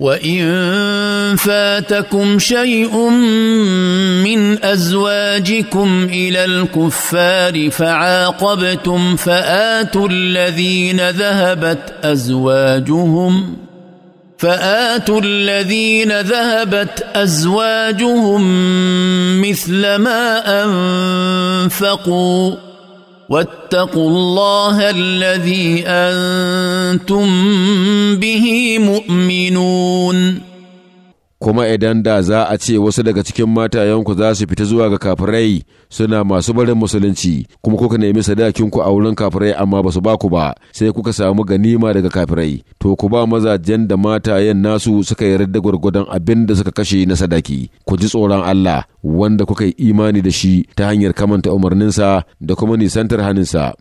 وان فاتكم شيء من ازواجكم الى الكفار فعاقبتم فاتوا الذين ذهبت ازواجهم فاتوا الذين ذهبت ازواجهم مثل ما انفقوا واتقوا الله الذي انتم mu'minun kuma idan da za a ce wasu daga cikin matayenku za su fita zuwa ga kafirai suna masu barin musulunci kuma kuka nemi sadakinku a wurin kafirai amma ba su ba ku ba sai kuka samu ganima daga kafirai to ku ba mazajen da matayen nasu suka yarda gwargwadon abin da suka kashe na sadaki ku ji tsoron Allah wanda kuka yi imani da shi ta hanyar kamanta umarninsa da kuma nisantar haninsa